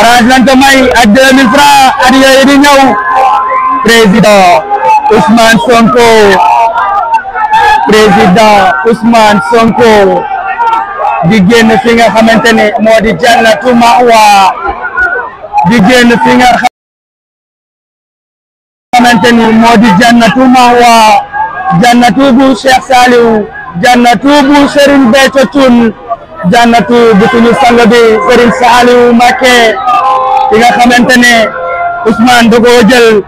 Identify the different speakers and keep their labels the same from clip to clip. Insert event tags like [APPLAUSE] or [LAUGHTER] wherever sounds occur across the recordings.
Speaker 1: orange lañ ko may ak 2000 président Ousmane Sonko président Ousmane Sonko di génn fi nga xamante ne moo di jannatu
Speaker 2: di génn fi nga xamante ni moo
Speaker 1: di jannatu ma'wa jannatu bu Cheikh Saliou jannatu bu Serigne Béthio jannatu bu suñu sang bi Serigne Saliou Mbacké ki nga xamante ne usmaan da koo jël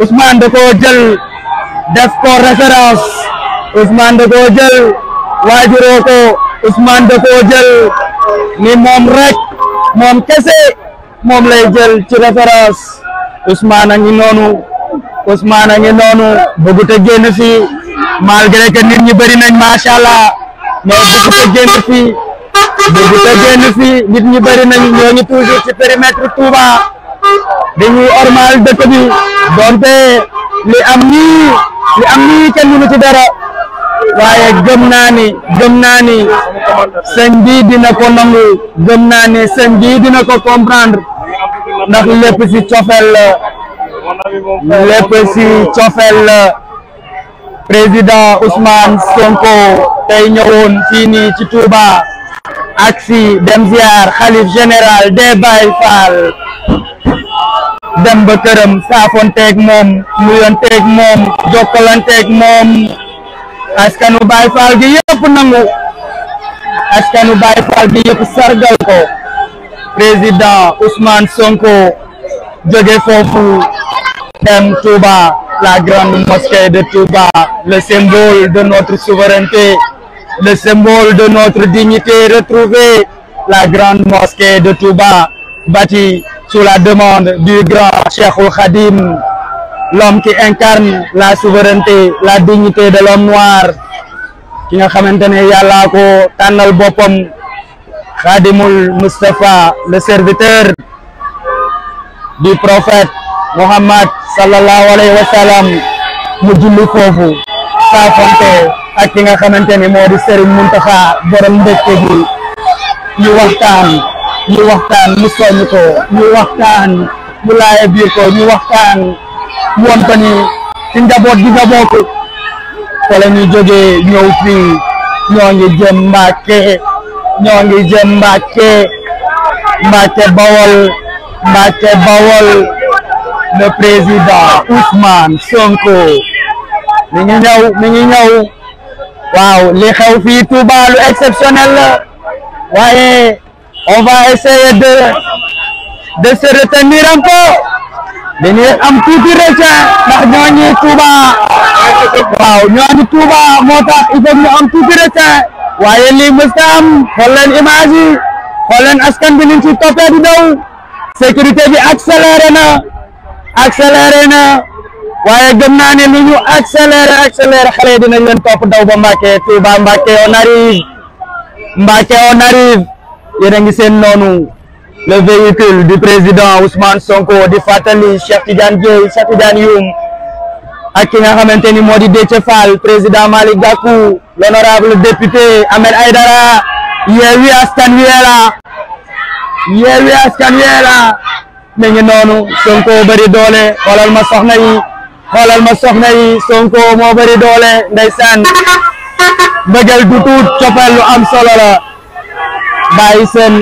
Speaker 1: Ousmane da koo jël def ko référence Ousmane da koo jël ni moom rek moom kese moom lay jël ci référence Ousmane a ngi noonu Ousmane a ngi noonu bëggut a génn fii malgré que nit ñi bëri nañ macha allah mais a génn fii dëgg te [LAUGHS] génn fi nit ñi bari nañu ñoo ngi ci périmètre Touba dañuy ormal dëkk bi donte li am nii li ci dara waaye gëm naa ni gëm naa ni sëñ bi dina ko nangu gëm naa ni sëñ bi dina ko comprendre ndax lépp si cofeel la si cofeel président Ousmane Sonko tey ñëwoon fii nii ci Touba. aksi dem ziar xalif général des Baye dem ba këram saafonteeg moom nuyonteeg moom jokkalanteeg moom askanu Baye Fall gi yëpp nangu askanu Baye Fall gi yëpp sargal ko président Ousmane Sonko jóge foofu dem Touba la grande mosquée de Touba le symbole de notre souveraineté le symbole de notre dignité retrouvée, la grande mosquée de Touba, bâtie sous la demande du grand Cheikhoul Khadim, l'homme qui incarne la souveraineté, la dignité de l'homme noir, ki nga xamante ne yàllaa ko tànnal boppam Khadimul Mustafa, le serviteur du prophète Muhammad sallallahu alayhi wa sallam mu julli foofu saafonte ak ki nga xamante ni moo di Serigne Mountakha borom mbégte gi ñu waxtaan ñu waxtaan mu soññ ko ñu waxtaan mu laaya biir ko ñu waxtaan woon ko ni njaboot gi nga bokk fa ñu jógee ñëw fii ñoo ngi
Speaker 3: jëm Mbàkke ñoo ngi jëm Mbàkke Mbàkke Bawol
Speaker 1: Mbàkke Bawol le président Ousmane Sonko mi ngi ñëw mi ngi ñëw waaw li xew fii Touba lu exceptionnel waaye on va essayer de de se retenir un peu dañuy am tuuti retien ndax ñooñu Touba waaw ñooñu Touba moo tax il faut ñu am tuuti retien waaye lii mës na am xool yi xool askan bi liñ ci toppee di daw sécurité bi accéléré na accéléré na waaye gëm lu ñu accéléré accéléré xale yi dinañ leen topp daw ba Mbacké Touba Mbacké on arrive Mbacké on arrive yéen a ngi seen noonu le véhicule du président Ousmane Sonko di fàttali Cheikh Tidiane Dièye Cheikh Tidiane Youm ak ki nga xamante ni moo di Déthié Fall président Malick Gakou l'honorable député Ahmed Aïdara Yewwi Askan Wi la Yewwi Askan Wi la mi ngi noonu Sonko bëri doole xoolal ma soxna yi xoolal ma soxna yi Sonko moo bëri doole ndeysaan mbëggeel du tuut coppeel am solo la bàyyi seen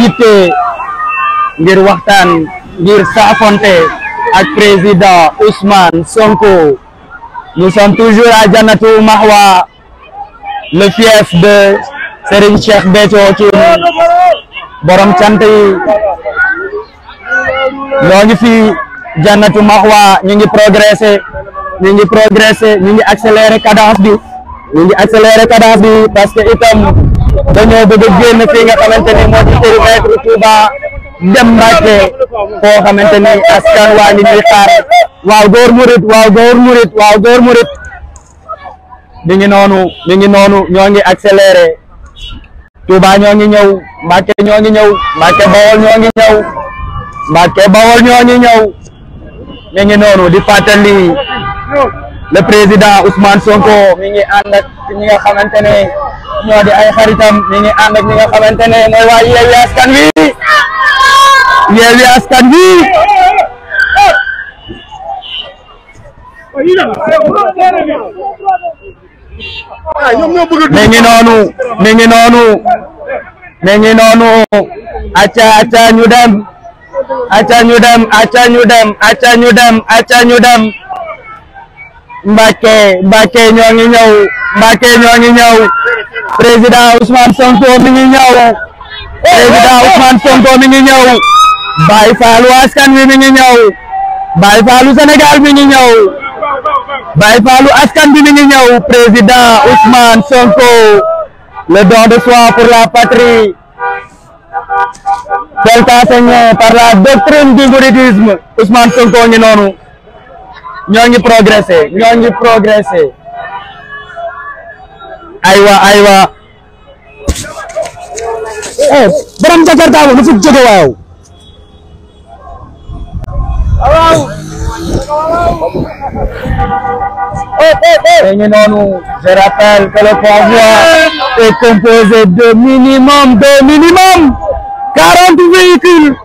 Speaker 1: yitte ngir waxtaan ngir saafonte ak président Ousmane Sonko nous sommes toujours à Jannatu Mahwa le fief de Serigne Cheikh Béthio ci borom cant yi ñoo ngi fi Jannatu Mahwa ñu ngi progressé ñu ngi progressé ñu ngi accéléré cadence bi ñu ngi accéléré cadence bi parce que itam dañoo bëgg a génn nga xamante ni moo ci périmètre Touba dem Mbàkke
Speaker 3: foo xamante ni askan waa ngi xaar
Speaker 1: waaw góor murit waaw góor waaw góor murit mi ngi noonu ngi noonu ñoo ngi accéléré Touba ñoo ngi ñëw Mbàkke ñoo ngi ñëw Mbàkke ñoo ngi ñëw Mbàkke Bawol ñoo ngi ñëw mi ngi noonu di fàttali le président Ousmane Sonko mi ngi ànd ak nga xamante ne ñoo di ay xaritam mi ngi ànd nga xamante ne mooy waa Yewwi Askan Wi
Speaker 3: Yewwi Askan Wi
Speaker 1: noonu mi noonu mi noonu acca acca ñu dem acca ñu dem acca ñu dem acca ñu dem acca ñu dem Mbàkke Mbàkke ñoo ngi ñëw Mbàkke ñoo ngi ñëw
Speaker 3: président Ousmane Sonko mi ngi ñëw président Ousmane Sonko mi ngi ñëw
Speaker 1: Baye Fallou askan mi ñu ñëw Baye Fallou Sénégal mi ngi ñëw Baye Fallou askan bi mi ngi ñëw président Ousmane Sonko le don de soi pour la patrie tel qu'enseigné par la doctrine du mouridisme Ousmane Sonko ngi noonu ñoo ngi progressé ñoo ngi progressé aywa aywa eh borom Jakarta bu nu fi jóge waaw
Speaker 3: Et nous, nous, je rappelle que le convoi est composé de minimum, de minimum quarante véhicules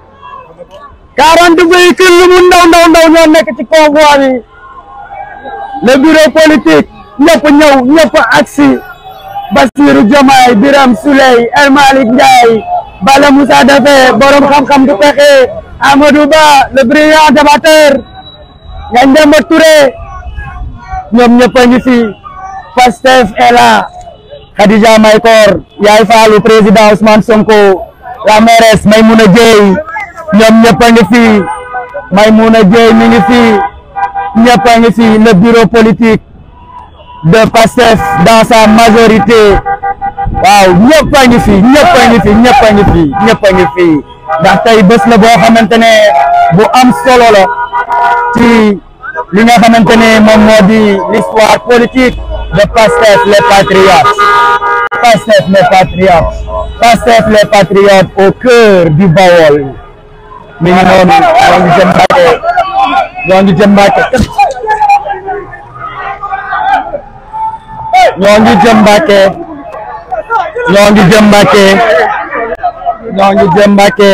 Speaker 3: quarante véhicules lu mu ndaw ndaw ndaw ñoo nekk ci convoi bi
Speaker 1: le bureau politique ñëpp ñëw ñëpp aksi Bassirou Diomaye Birame Souleye El Malick Ndiaye Bala Moussa Dafé borom xam-xam du pexe Amadou Ba le brillant débatteur Ngagne Demba Touré ñoom ñëpp a ngi fi Pastef est là Khadija Maykor Yaay Faalu président Ousmane Sonko Ramirez Maimouna Dieye ñoom ñëpp a ngi fii Maimouna Dieye mi ngi fii ñëpp a ngi fii le bureau politique de PASTEF dans sa majorité waaw ñëpp a ngi fii ñëpp a ngi fii ñëpp a ngi fii ñëpp a ngi bés la boo xamante ne bu am solo la ci li nga xamante ne moom moo di l'histoire politique de Pastef les patriotes Pastef les patriotes Pastef les patriotes au cœur du Bawol mi ngi noonu ñoo ngi jëm Mbàkke
Speaker 3: ñoo ngi jëm Mbàkke
Speaker 1: ñoo ngi jëm Mbàkke ñoo ngi jëm Mbàkke ñoo ngi jëm Mbàkke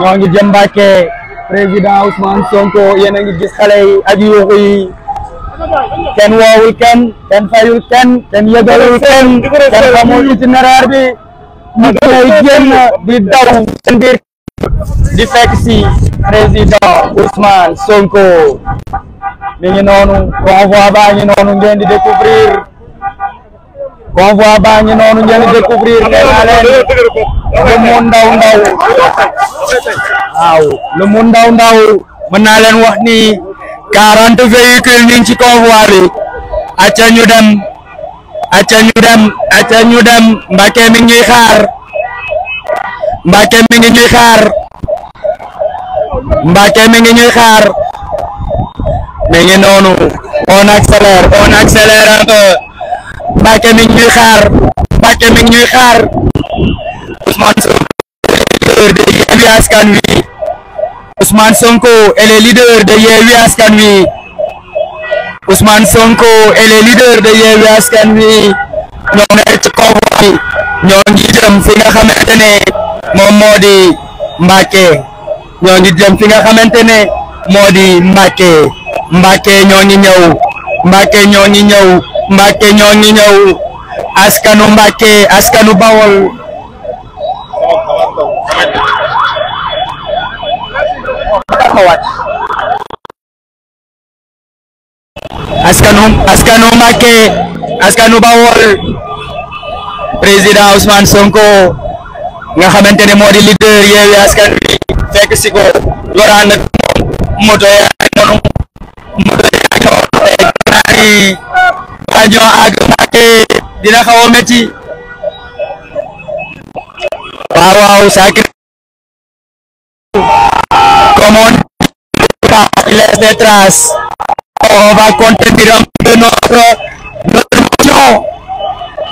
Speaker 1: ñoo ngi jëm Mbàkke président Ousmane Sonko yéen a ngi gis xale yi
Speaker 3: kenn woowul kenn
Speaker 1: kenn fayul kenn kenn yëgalul kenn kenn xamul itinéraire bi
Speaker 3: ñu koy génn
Speaker 1: di daw seen biir di fekk si président Ousmane Sonko
Speaker 3: mi ngi noonu convoi baa ngi noonu
Speaker 1: ngeen di découvrir convoi baa ngi noonu ngeen di découvrir nee naa lu mu ndaw ndaw waaw lu mu ndaw ndaw mën naa leen wax ni quarante véhicules ñu ngi ci convoi bi acca ñu dem acca ñu dem acca ñu dem Mbacké mi ngi ñuy xaar Mbacké mi ngi ñuy xaar Mbacké mi ngi ñuy xaar mi ngi noonu on accélère on accélère un peu Mbacké mi ngi ñuy xaar Mbacké mi ngi ñuy xaar Ousmane Sonko askan wi Ousmane Sonko est le leader de Askan Wi usmaan Sonko est le leader de Askan Wi ñoo ngi jëm fi nga xamante ne moom moo di ñoo ngi jëm fi nga xamante ne moo di Mbàkke Mbàkke ñoo ngi ñëw Mbàkke ñoo ngi ñëw Mbàkke ñoo ngi ñëw askanu Mbàkke askanu Bawol
Speaker 2: taxawaat askanu askanu Mbacké askanu Bawol
Speaker 1: président Ousmane Sonko nga xamante ne moo di leader Yewwi Askan Wi fekk si loraan ak moom moto yaa noonu moto yaa noonu gaari bañoo ak Mbacké dina xaw a métti waaw
Speaker 2: comme on laisse des traces.
Speaker 1: On va continuer un peu notre notre motion.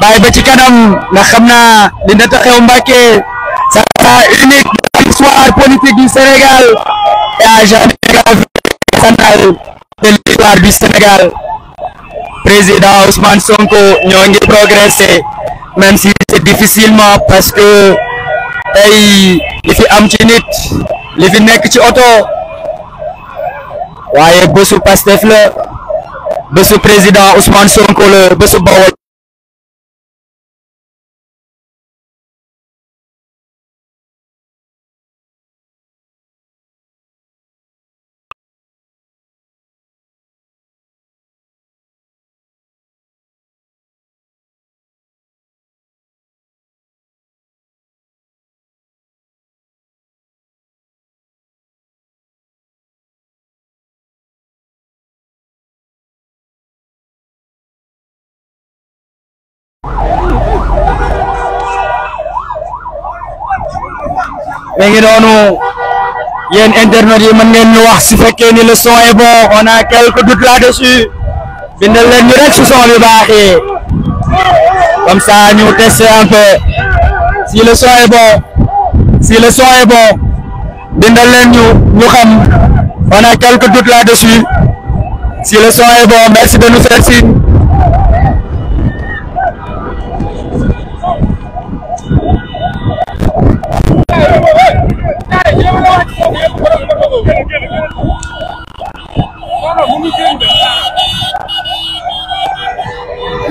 Speaker 1: bàyyi ba ci kanam ndax xam naa li unique dans l'histoire politique du Sénégal et à jamais canal de l'histoire du Sénégal président Ousmane Sonko ñoo ngi même si c'est difficilement parce que tey li fi am ci nit li fi nekk ci oto waaye bésu Pastef ba bésu président Ousmane Sonko la bésu Bawol mi ngi noonu yéen internet yi mën ngeen ñu wax su fekkee ni le son est bon on a quelques doutes là-dessus bindal leen ñu rek su son bi comme ça ñu tester un si le son est bon si le son est bon bindal leen ñu ñu xam on a quelques doutes là-dessus si le son est bon merci de nous faire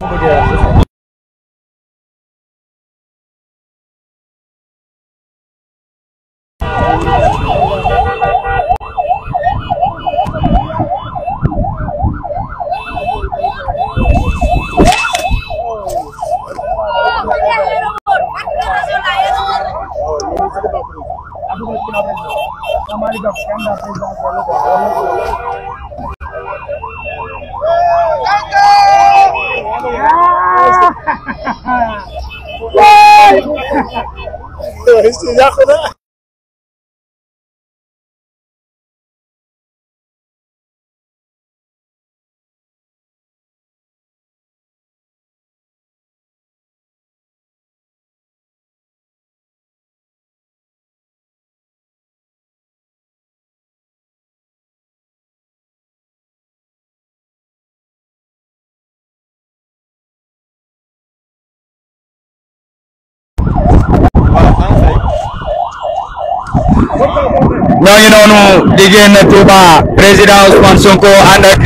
Speaker 2: Thank you. ñoo ngi noonu di génn Touba président Ousmane Sonko ànd ak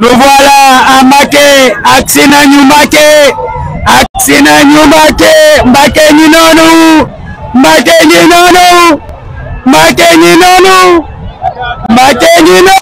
Speaker 1: nous voilà à Mbacké aksi nañu Mbacké aksi nañu Mbacké Mbacké ñi noonu Mbacké ñi
Speaker 2: noonu Mbacké ñi noonu Mbacké ñi noonu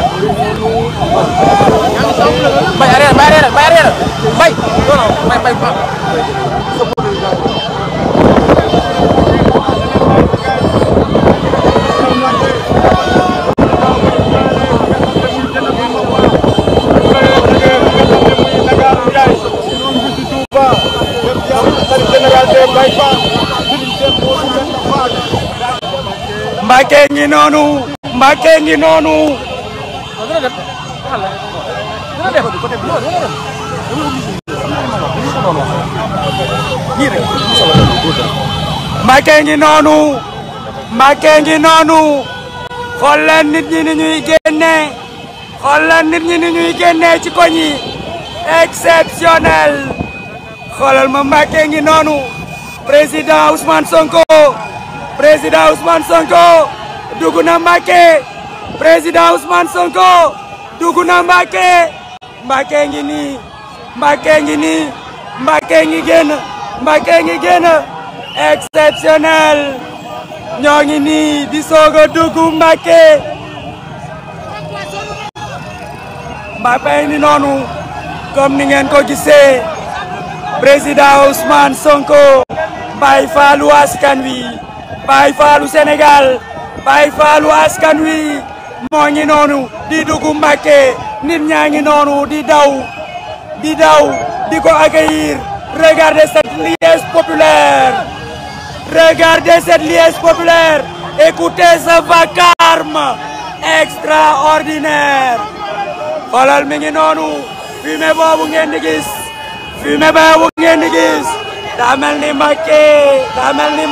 Speaker 1: bay arrière bay arrière bay arrière bay non non bay bay Mbacke ngi noonu Mbacke ngi noonu côté bi loolu dama ngi noonu Mbacké ngi noonu xool leen nit ñi ni ñuy génnee xool leen nit ñi ni ñuy génnee ci koñ yi exceptionnel ma Mbacké ngi noonu président Ousmane Sonko président Ousmane Sonko dugg na Mbacké président Ousmane Sonko dugg na Mbacké Mbacké ngi ni Mbacké ngi nii Mbacké ngi génn Mbacké ngi génn exceptionnel ngi nii di soog a dugg Mbacké Mbacké ngi noonu comme ni ko gisee président Ousmane Sonko Baye Fallou askan wi Baye Fallou Sénégal Baye Fallou askan wi moo ngi noonu di dugg Mbàkke nit ñaa ngi noonu di daw di daw di ko accueillir regardez cette liesse populaire regardez vacarme extraordinaire xoolal mi ngi noonu fumée boobu ngeen di gis boobu ngeen di gis daa mel ni Mbàkke daa mel ni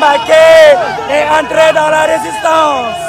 Speaker 1: dans la résistance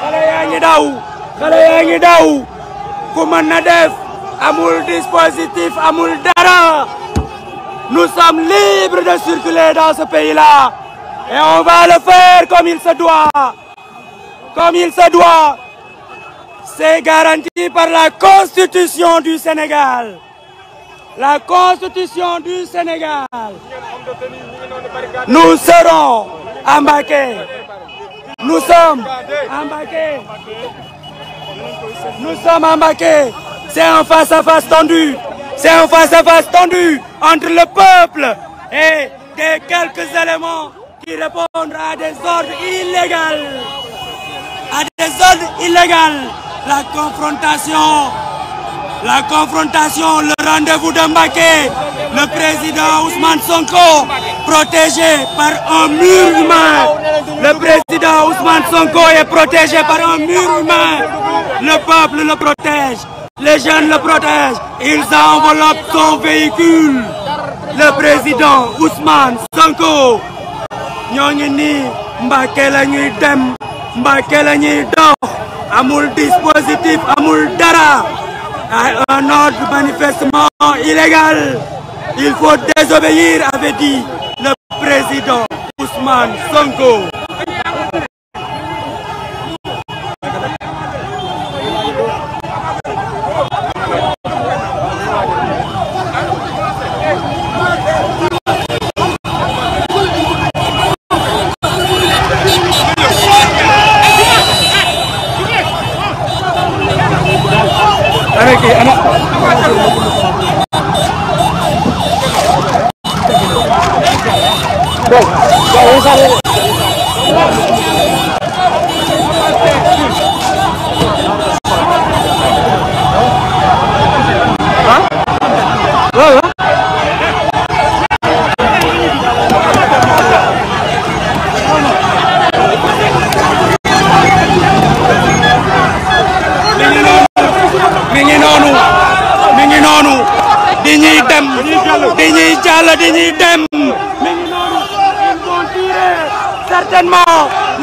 Speaker 1: xale yaa ngi daw xale amul dispositif amul dara nous sommes libres de circuler dans ce pays-là et on va le faire comme il se doit c'est garanti par la constitution du Sénégal la constitution du Sénégal nous serons embarqués Nous sommes embarqués. C'est un face-à-face tendu. C'est un face-à-face tendu entre le peuple et des quelques éléments qui répondent à des ordres illégaux. À des ordres illégaux. La confrontation La confrontation, le rendez-vous de Mbacké, le président Ousmane Sonko, protégé par un mur humain. Le président Ousmane Sonko est protégé par un mur humain. Le peuple le protège, les jeunes le protègent. Ils enveloppent son véhicule. Le président Ousmane Sonko. ñoo ngi nii amul dispositif amul dara. à un ordre manifestement illégal. Il faut désobéir, avait dit le président Ousmane Sonko. ngi noonu mi ngi noonu di ñuy dem di ñuy jàll di ñuy dem mi ngi noonu ils vont tirer certainement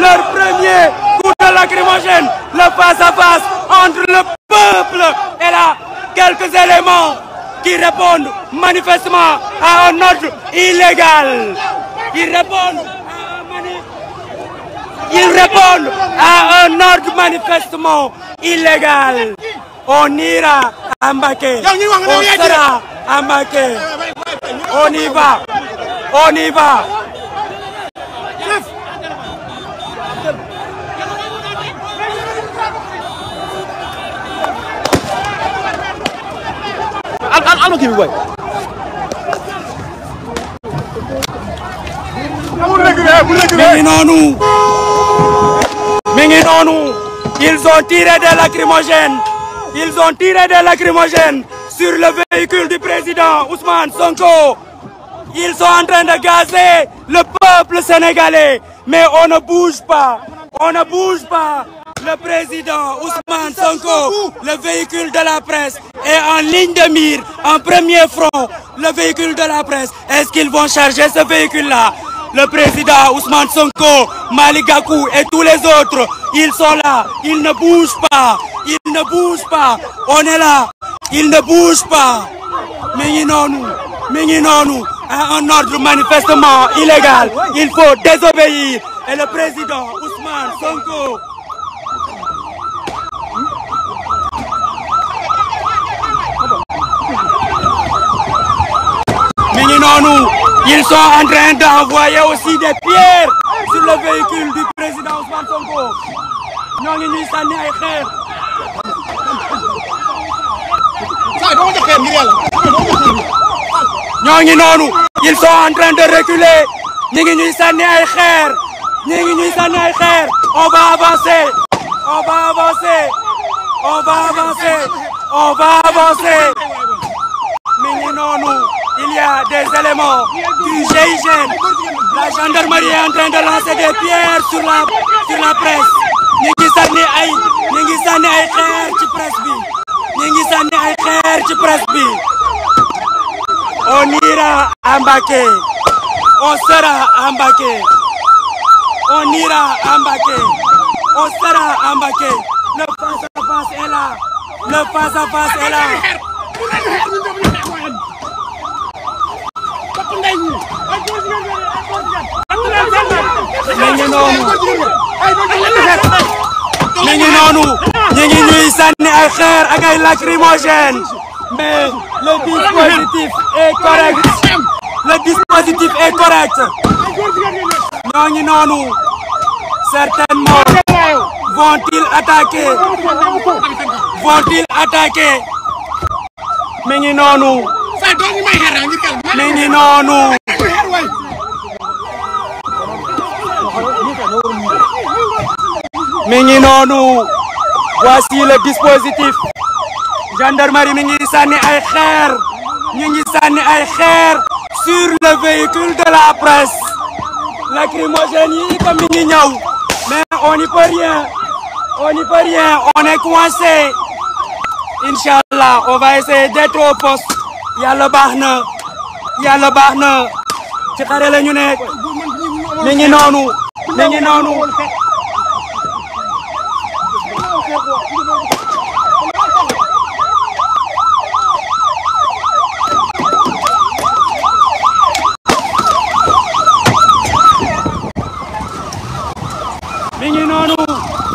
Speaker 1: leur premier coup de lacrymogène le face à face entre le peuple et là quelques éléments qui répondent manifestement à un ordre illégal ils répondent à un mani... ils répondent à un ordre manifestement illégal on ira à on sera à on y on y va alma kii bi booy. mi ngi ils ont tiré des lacrymogènes. Ils ont tiré des lacrymogènes sur le véhicule du président Ousmane Sonko. Ils sont en train de gazer le peuple sénégalais. Mais on ne bouge pas. On ne bouge pas. Le président Ousmane Sonko, le véhicule de la presse, est en ligne de mire, en premier front. Le véhicule de la presse, est-ce qu'ils vont charger ce véhicule-là? le président Ousmane Sonko, Malick Gakou et tous les autres, ils sont là, ils ne bougent pas, ils ne bougent pas, on est là, ils ne bougent pas. mi ngi noonu un ordre manifestement illégal, il faut désobéir et le président Ousmane Sonko Ils sont en train d'envoyer aussi des pierres sur le véhicule du président Ousmane Sonko ñoo ngi ñuy sànni ay xeer. ñoo ngi noonu. Ils sont en train de reculer ñi ngi ñuy sànni ay xeer ñi ngi ñuy sànni ay xeer on va avancer on va avancer on va avancer on va il y a des éléments du La gendarmerie est en train de sur la sur la presse ñu ngi ay ñu ngi ay xeer ci presse bi ñu ngi ay xeer ci presse bi. On ira à On sera à On ira à On sera à Mbacké. Le face à face est là.
Speaker 3: Le face à topp noonu.
Speaker 1: mi ngi noonu. ñu ngi ñuy xeer ak lacrymogène. mais le dispositif est correct. le dispositif est correct. ñoo ngi noonu. certainement. vont-ils attaquer. vont-ils attaquer. mi noonu. mi ngi voici le dispositif. gendarmerie mi ngi sànni ay xeer. sur le véhicule de la presse. lacrymogène yi itam mais on n'y peut rien. on n'y peut rien on est coincé. Inch'Allah on va essayer d'être au poste. yàlla baax na yàlla baax na ci xare la ñu ne mi ngi noonu mi ngi noonu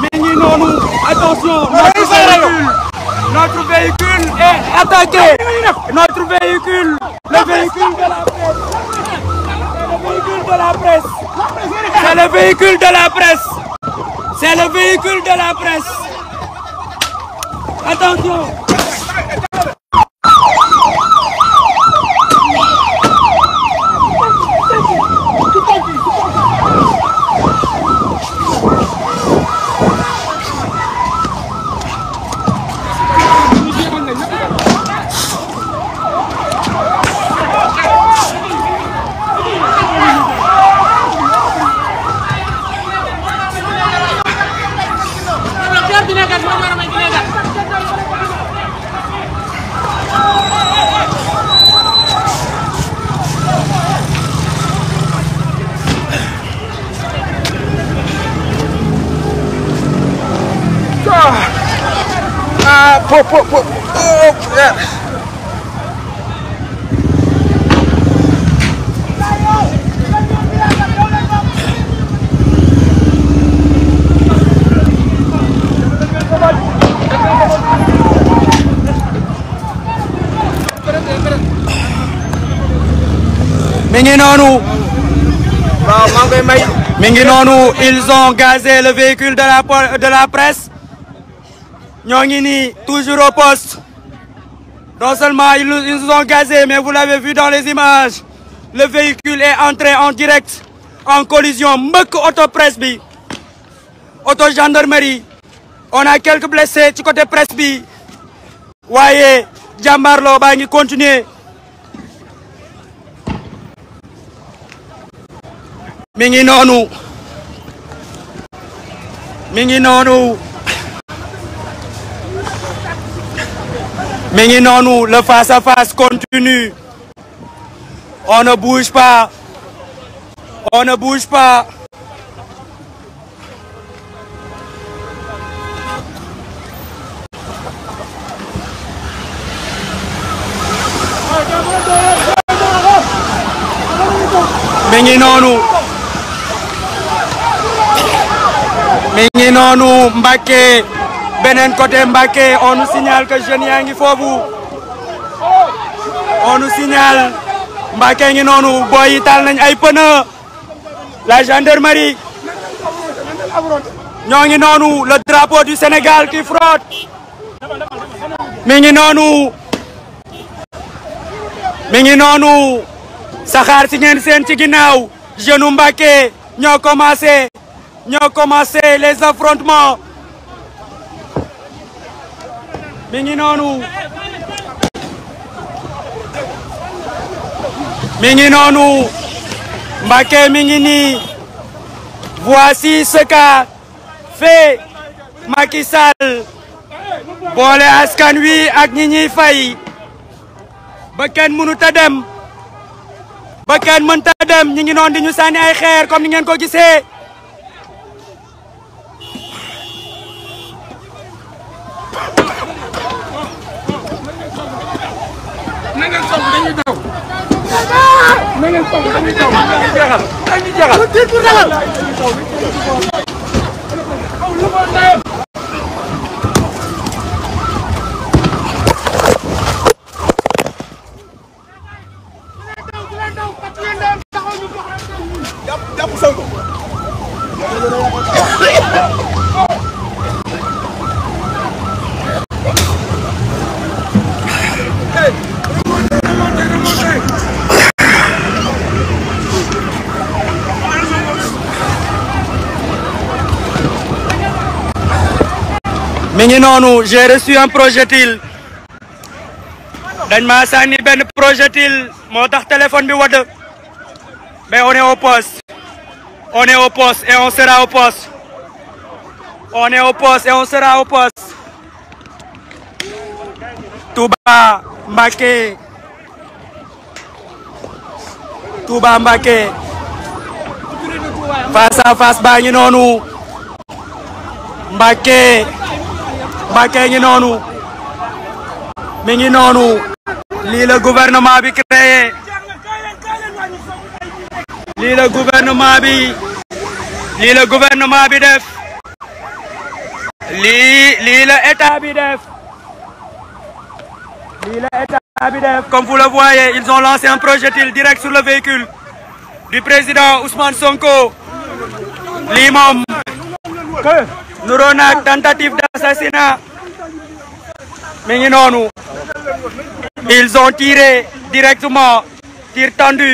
Speaker 1: mi ngi noonu mi ngi Notre véhicule est attaqué. Notre véhicule, le véhicule de la presse. C'est le véhicule de la presse. C'est le véhicule de la presse. Attention.
Speaker 3: Ya po po po. Oh, ya.
Speaker 1: mi ngi noonu. waaw maa ngi koy may. mi ngi noonu ils ont gazé le véhicule de la de la presse. ñoo ngi nii toujours au poste non seulement ils ont gazés mais vous l'avez vu dans les images le véhicule est entré en direct en collision mbëkk auto presse bi auto gendarmerie on a quelques blessés ci côté presse bi waaye jàmbaarloo baa ngi continuer mi ngi mi ngi noonu mi ngi noonu le face à face continue on ne bouge pas on ne bouge pas mi ngi noonu beneen côté Mbacké on nous que jeunes yaa ngi foofu on nous signale Mbacké ngi noonu boy nañ ay pneu la gendarmerie ñoo ngi noonu le drapeau du Sénégal qui frotte mi ngi noonu mi ngi noonu saxaar si ngeen seen ci ginnaaw jeune Mbacké ñoo commencé ñoo commencé les affrontements mi ngi noonu mi ngi noonu Mbacké mi ngi nii voici ce qu'a fait Macky boole askan wi ak ñi ñuy fay ba kenn ta a dem ba kenn mënut a dem ñi ngi noonu di ñu sànni ay xeer comme ni ngeen ko gisee
Speaker 3: ngeen soog dañuy daw. na ngeen soog dañuy daw dañuy jeexal dañuy jeexal.
Speaker 1: mi noonu j'ai reçu un projectile dañ ma sànni benn projectile moo tax téléphone bi wadd mais on est au poste on est au et on sera au on est au et on sera au poste Touba Mbacké Touba face à face baa ngi noonu Mbacké ma Mbacké ngi noonu mi ngi noonu lii la gouvernement bi créé lii la gouvernement bi lii la gouvernement bi def lii lii la état bi def lii la comme vous le voyez ils ont lancé un projectile direct sur le véhicule du président Ousmane Sonko nuroo naag tentative d'assassinat mi ngi noonu ils ont tiré directement tir tendu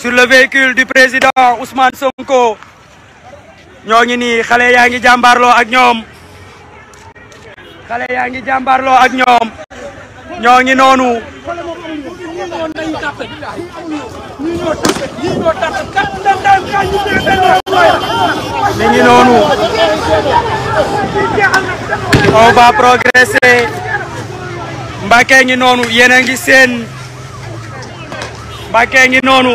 Speaker 1: sur le véhicule du président Ousmane Sonko ñoo ngi nii xale yaa ngi jàmbaarloo ak ñoom xale yaa ngi jàmbaarloo ak ñoom ñoo ngi noonu
Speaker 3: ñoo tax ñii noonu
Speaker 1: on va progresser Mbacké ngi noonu yéen a ngi seen Mbacké ngi noonu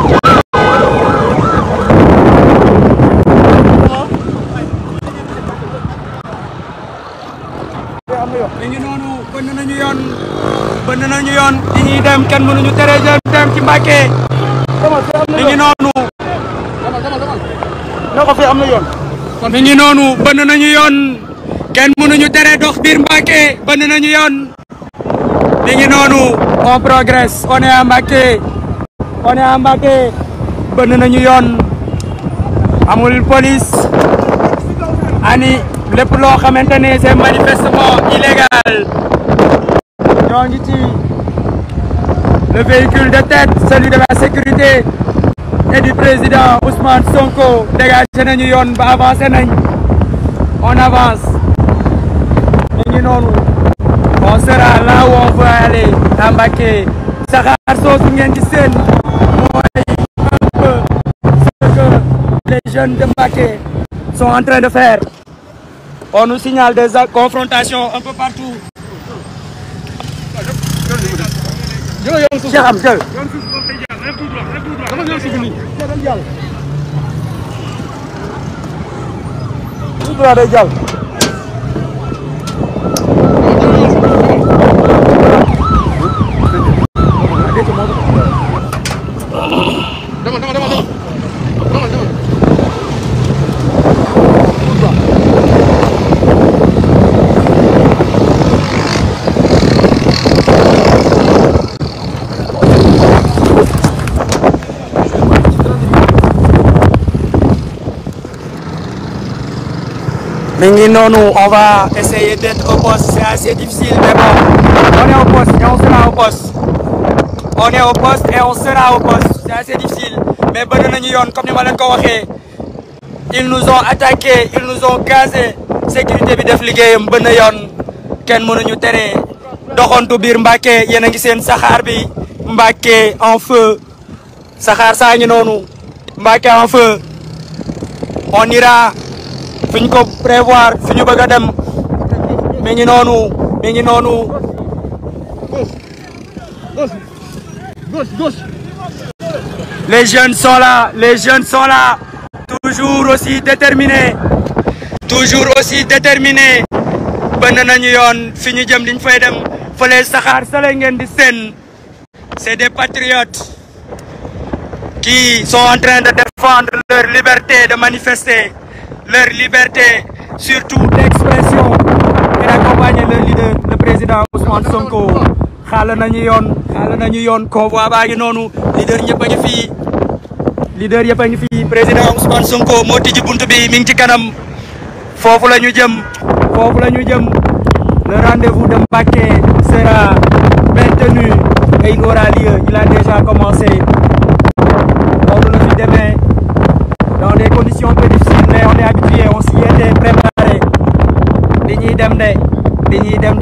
Speaker 1: kenn mënuñu tere jëm dem ci Mbàkke mi ngi noonu na yoon mi ngi noonu nañu yoon kenn mënuñu tere dox biir Mbàkke bënn nañu yoon mi ngi noonu on progresse on est à Mbàkke on est à Mbàkke yoon amul police ani lépp loo xamante ne c'est manifestement illégal le véhicule de tête, celui de la sécurité et du président Ousmane Sonko dégagé nañu yoon on avance ñu on sera là où on veut aller à Mbacké saxaar soosu ngeen di seen mooy un peu ce que les jeunes de Mbacké sont en train de faire on nous signale des confrontations un peu partout Cheikh am jël. Tout droit day jàll. Mais noonu on va essayer d'être au C'est assez difficile, mais bon, on est au poste et on sera au poste. On est au poste et on sera au poste. C'est assez difficile. ils nous ont attaqués, ils nous ont gazés. Sécurité bi def liggéeyam benn yoon kenn mënuñu tere doxantu biir Mbàkke yéen a ngi seen saxaar bi Mbàkke en feu saxaar saa ngi noonu Mbàkke en on ira fi ñu ko prévoir fi ñu bëgg a dem mi ngi noonu mi les jeunes sont là les jeunes sont là. toujours aussi déterminés. toujours aussi déterminés. bënn nañu yoon fi ñu jëm liñ fay dem fële saxaar sale ngeen di seen. c'est des patriotes. qui sont en train de défendre leur liberté de manifester. leur liberté, surtout d'expression. Il accompagne le leader, le président Ousmane Sonko. xaala nañu yoon xaala nañu yoon convoi baa ngi noonu leader yëpp a ngi fii leader yëpp a ngi président Ousmane Sonko moo tijji bunt bi mi ngi ci kanam foofu la ñu jëm foofu la ñu jëm le rendez-vous de Mbacké sera maintenu et il aura lieu il a déjà commencé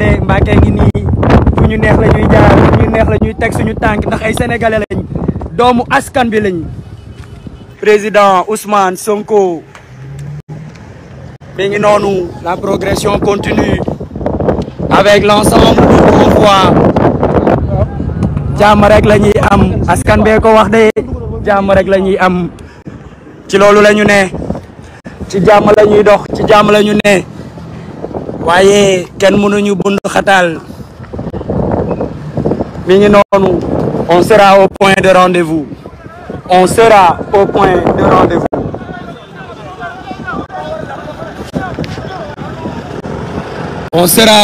Speaker 1: Mbacke Mbacke ngi nii fu ñu neex la jaar fu ñu neex la ñuy teg suñu tànk ndax ay sénégalais doomu askan bi lañu président Ousmane Sonko mi ngi noonu la progression continue avec l'ensemble du pouvoir jàmm rek la ñuy am askan bee ko wax de jàmm rek la ñuy am ci loolu la ñu ne ci jàmm la ñuy dox ci jàmm la ñu ne waaye kenn mënuñu bund xataal mi ngi noonu on sera au point de rendez on sera au point de rendez-vous on sera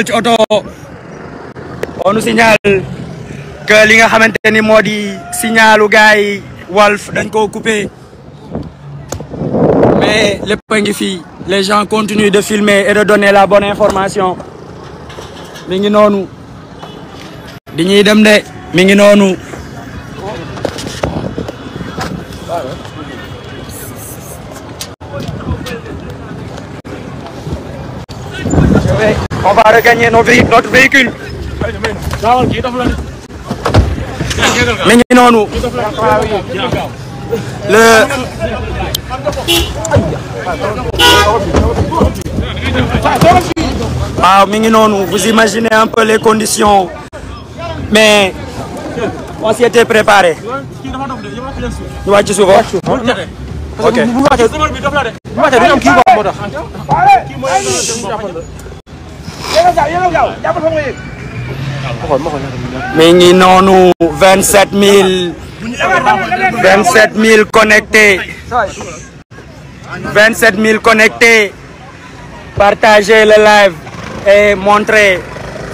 Speaker 1: oto on nous signale li nga xamante ni moo di signalu gaay Walf dañ ko coupé mais lépp a ngi fii les gens continuent de filmer et de donner la bonne information mi ngi noonu dem de mi waaw mi ngi noonu vous imaginez un les conditions mais on s'y était préparé. t wàcc ci suuf ok. mi ngi noonu vingt sept mille 27 000 connectés. Partagez le live et montrez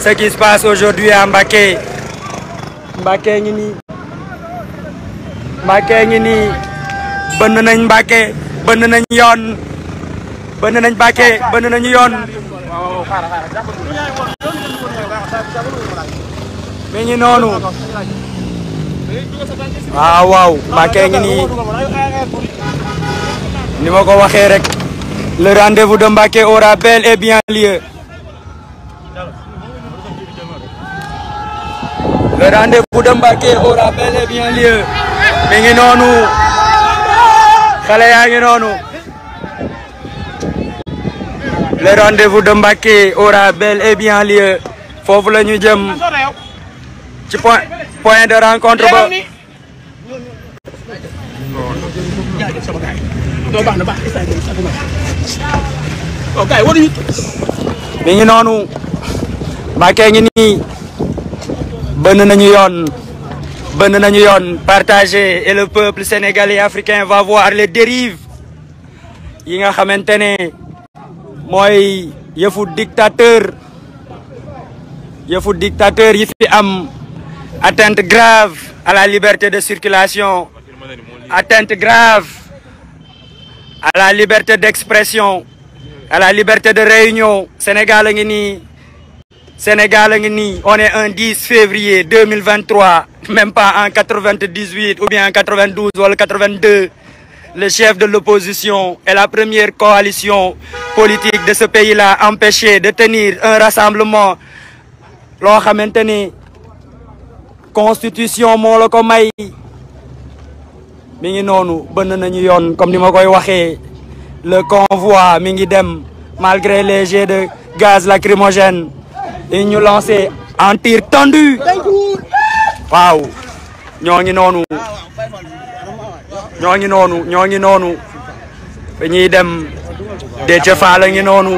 Speaker 1: ce qui se passe aujourd'hui à Mbacké. Mbacké ngi nii Mbacké ngi nii bënn nañ Mbacké bënn nañ yoon bënn nañ Mbacké bënn nañu yoon mi ni ma ko waxee rek le rendez-vous de Mbacké aura bel et bien lieu le rendez de Mbacké aura bel bien lieu mi ngi noonu le rendez de Mbacké aura bel bien lieu foofu la ñu jëm ci point de rencontre ba non oh, mi ngi noonu Mbacké ngi nii bënn nañu yoon bënn nañu yoon partagé et le peuple sénégalais africain va voir les dérives yi nga xamante ne mooy yëfu dictateur yëfu dictateur yi fi am attente grave à la liberté de circulation atteinte grave à la liberté d'expression à la liberté de réunion Sénégal ngi nii Sénégal a ngi nii on est un 10 février 2023 même pas en 98 ou bien en 92 wala 82 le chef de l'opposition et la première coalition politique de ce pays-là empêché de tenir un rassemblement loo xamante ni constitution moo mi ngi noonu bënn nañu yoon comme ni ma koy waxee le convoi mi ngi dem malgré les jets de gaz lacrymogène et ñu lancé en tir tendu waaw ñoo ngi noonu ñoo ngi noonu ñoo dem Déthié Fall la ngi noonu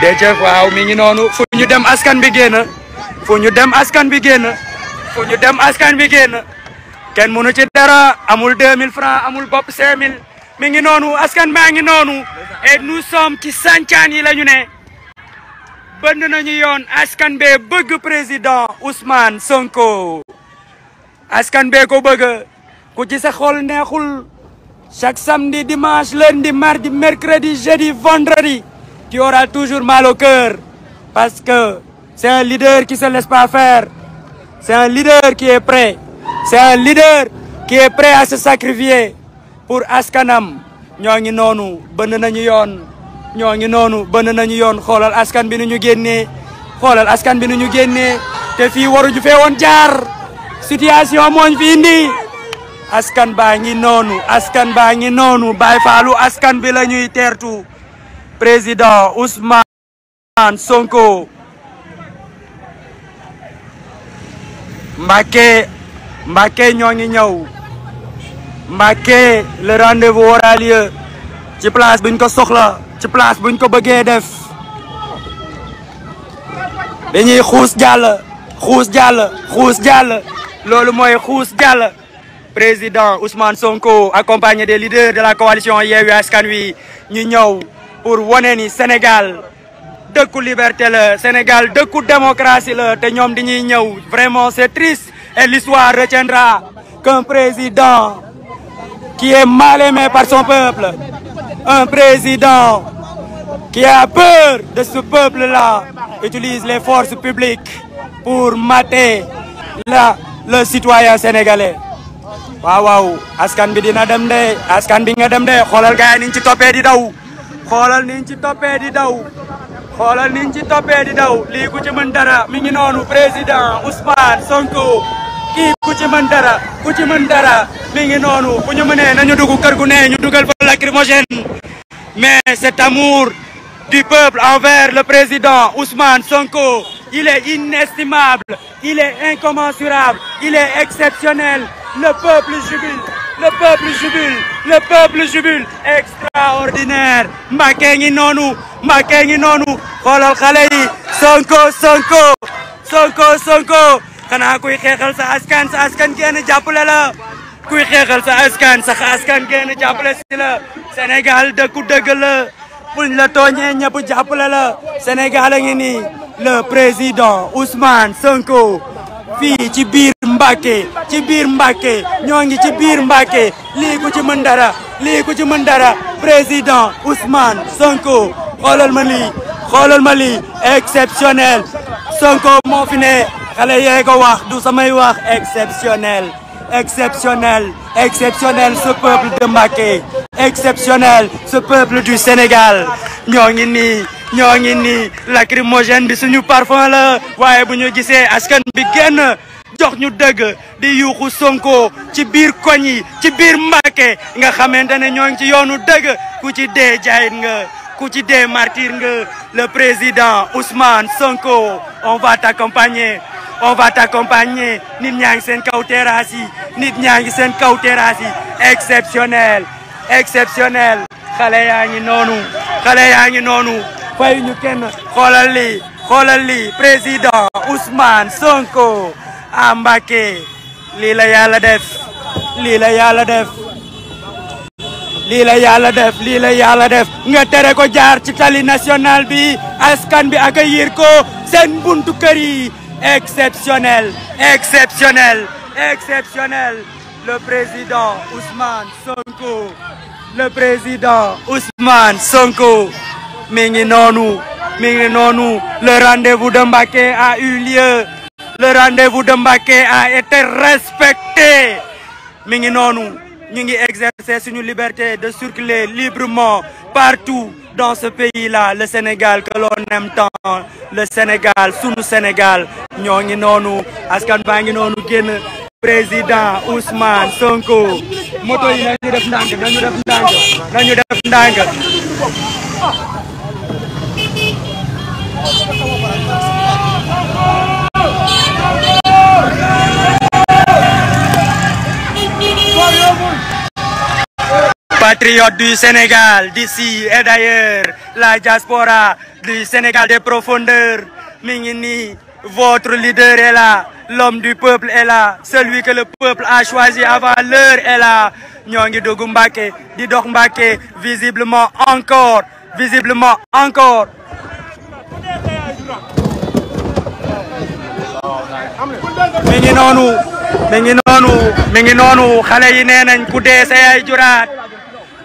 Speaker 1: Déthié waaw mi ngi noonu fu ñu dem askan bi génn fu ñu dem askan bi génn fu ñu askan bi génn kenn mënu ci dara amul 2000 francs amul bopp 5000 mi ngi noonu askan maa ngi noonu et nous sommes ci sàncaan yi la ñu ne bënd nañu yoon askan bee bëgg président Ousmane Sonko askan bee ko bëgg ku ci sa xol neexul chaque samedi dimanche lundi mardi mercredi jeudi vendredi tu toujours mal au cœur parce que c'est un leader qui se laisse pas faire c'est un leader qui est prêt c'est un leader qui est prêt à se sacrifier pour askanam ñoo ngi noonu bënd nañu yoon ñoo ngi noonu bënd nañu yoon xoolal askan bi nu ñu génnee xoolal askan bi nu ñu génnee te fii waruñu fee jaar situation mooñ fi indi askan baa ngi noonu askan baa ngi noonu Baay askan bi la ñuy teertu président Ousmane Sonko Mbacké Mbacké ñoo ngi ñëw Mbacké le rendez-vous ci place buñ ko soxla ci place buñ ko bëggee def dañuy xuus jàll xuus jàll xuus jàll loolu mooy xuus jàll président Ousmane Sonko accompagné des leaders de la coalition Yewwi Askan Wi ñu ñëw pour wane ni Sénégal dëkku liberté la Sénégal dëkku démocratie la te ñoom dañuy ñëw vraiment c'est triste Et l'histoire retiendra qu'un président qui est mal aimé par son peuple, un président qui a peur de ce peuple-là, utilise les forces publiques pour mater la, le citoyen sénégalais. waaw waw askan bi dina dem de askan bi nga dem de xoolal gars yi ci toppee di daw xoolal niñ ci toppee di daw xoolal niñ ci toppee di daw lii ku ci mën dara mi ngi noonu président Ousmane Sonko kii ku ci mën dara ku bu ñu mënee nañu dugg kër gu lacrymogène mais cet amour du peuple envers le président Ousmane Sonko il est inestimable il est incommensurable il est exceptionnel le peuple jubile le peuple jubile extraordinaire Mbacké ngi noonu Mbacké ngi noonu xoolal xale yi Sonko xanaa kuy xeexal sa askan sa askan kenn jàppale la kuy xeexal sa askan sa askan kenn jàppale si la Sénégal dëkku dëgg la buñ la tooñee ñëpp jàppale la Sénégal a ngi nii le président Ousmane Sonko fii ci biir Mbàkke ci ñoo ngi ci biir Mbàkke lii ku ci mën dara lii ku ci mën dara président Ousmane Sonko xoolal ma lii xoolal ma lii exceptionnel Sonko moo xale yee ko wax du samay wax exceptionnel exceptionnel exceptionnel ce peuple de Mbacké exceptionnel ce peuple du Sénégal ñoo ngi nii ñoo ngi nii lacrymogène bi suñu parfum la waaye bu ñu gisee askan bi génn jox ñu dëgg di yuuxu Sonko ci biir koñ ci biir Mbacké nga xamante ne ñoo ngi ci yoonu dëgg ku ci dee jaayit nga ku ci dee martir nga le président Ousmane Sonko on va compagner on va t'accompagner nit ñaa ngi seen kaw nit ñaa ngi seen kaw terrasse yi exceptionnel yaa ngi noonu xale yaa ngi noonu fay ñu kenn xoolal lii xoolal lii président Ousmane Sonko a Mbacké lii la yàlla def lii la yàlla def lii la yàlla def lii la yàlla def nga tere ko jaar ci tali national bi askan bi accueillir ko seen buntu kër exceptionnel, exceptionnel, exceptionnel. Le président Ousmane Sonko, le président Ousmane Sonko. Mingi nonou, mingi nonou, le rendez-vous de Mbaké a eu lieu. Le rendez-vous de Mbaké a été respecté. Mingi nonou. ñu ngi exercer suñu liberté de circuler librement partout dans ce pays-là le Sénégal que l'on aime le Sénégal sunu Sénégal ñoo ngi noonu askan baa ngi noonu génn président Ousmane Sonko moto yi nañu def ndànk nañu def ndànk compatriotes du Sénégal, d'ici et d'ailleurs, la diaspora du Sénégal des profondeurs, Mingini, votre leader est là, l'homme du peuple est là, celui que le peuple a choisi avant l'heure est là. Nyongi Dogumbake, Didokmbake, visiblement encore, visiblement encore. mi ngi noonu mi ngi noonu mi ngi noonu xale yi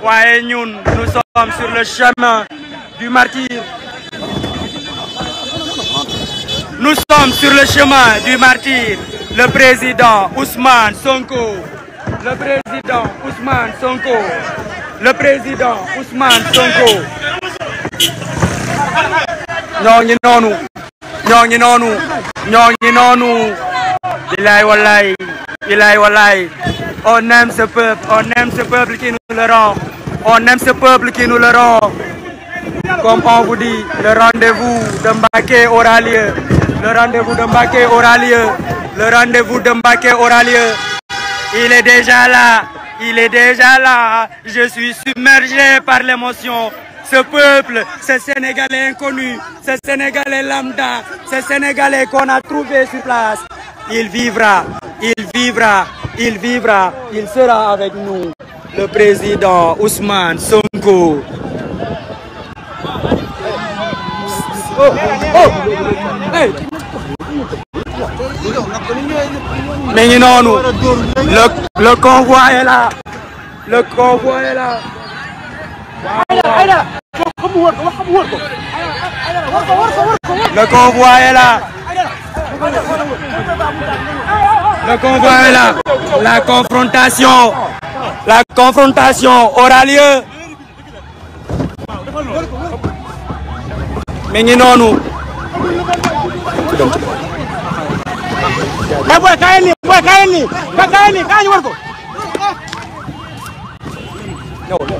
Speaker 1: waaye ñun nous sommes sur le chemin du martyre le chemin du martyre le président Ousmane Sonko le président Ousmane Sonko le président Ousmane Sonko ngi noonu ngi noonu Bilaay wallaay bilaay wallaay on aime ce peuple on aime ce peuple qui nous le rend on aime ce peuple qui nous le rend comme on vous dit le rendez-vous de Mbacké aura le rendez-vous de Mbacké aura il est déjà là il est déjà là je suis submergé par l'émotion ce peuple ce Sénégalais inconnu ce Sénégalais lambda ce Sénégalais qu'on a trouvé sur place il vivra, il vivra, il sera avec nous. Le président Ousmane Sonko.
Speaker 3: Oh, oh,
Speaker 1: hey. le convoi est là. Le convoi La confrontation. La confrontation eh, war ko.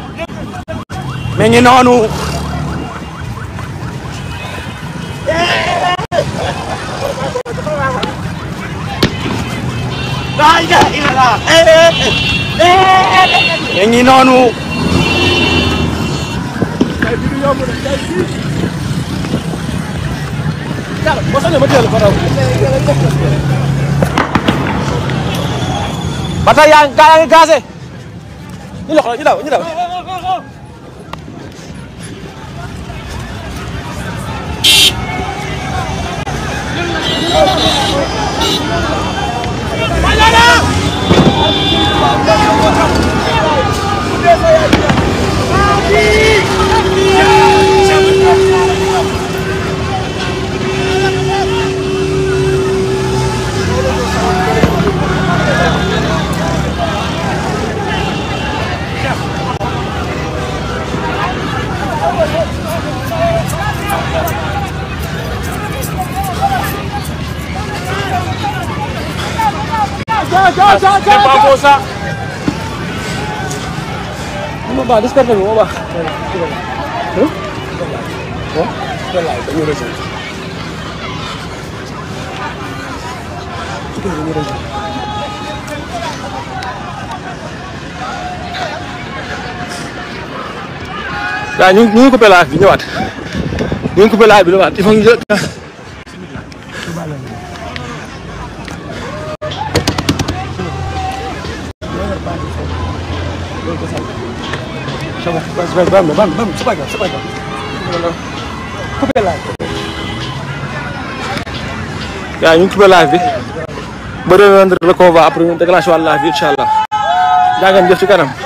Speaker 1: ñu ngi noonu. ba tey yaa ngi gaa ngi gaase. ñu loxo ñu daw ñu daw.
Speaker 3: Hausa kuma ba diskar da ba waaw
Speaker 1: ñu ngi coupé live bi ñëwaat ñu ngi coupé live bi ñëwaat il faut ñu c'est pas grave, c'est live. gars ñu ngi coupé live bi ba doon rendre le convoi allah jaa ngeen jëf ci kanam.